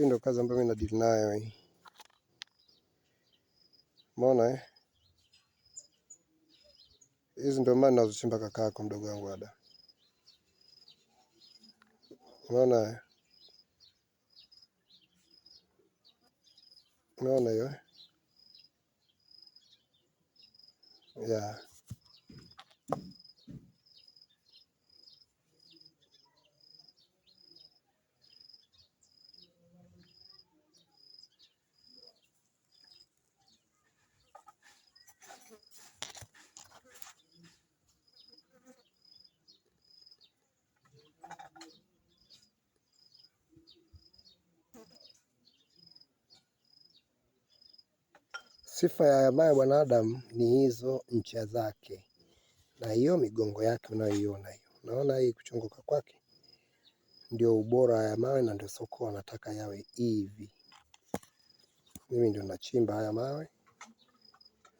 hii ndio kazi ambayo mimi na deal nayo hii. Umeona eh? Hizi ndio maana nazochimba yako mdogo wangu ada. Umeona eh? Umeona hiyo eh? Yeah. Sifa ya ambayo mwanadamu ni hizo ncha zake na hiyo migongo yake unayoiona hiyo. Unaona hii kuchongoka kwake ndio ubora ya mawe na ndio soko wanataka yawe hivi. Mimi ndio nachimba haya mawe,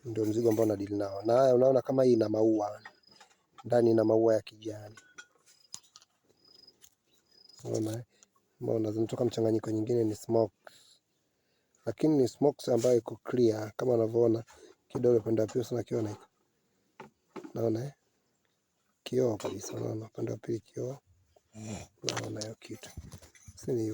ndio mzigo ambao nadili nao. Na haya unaona kama hii ina maua ndani, ina maua ya kijani, unaona, unaona eh? zinatoka mchanganyiko, nyingine ni smoke lakini ni smokes ambayo iko clear kama unavyoona kidole upande wa pili sana kiona hiko. Naona eh? Kioo kabisa, naona upande wa pili kioo. Naona hiyo kitu. Sini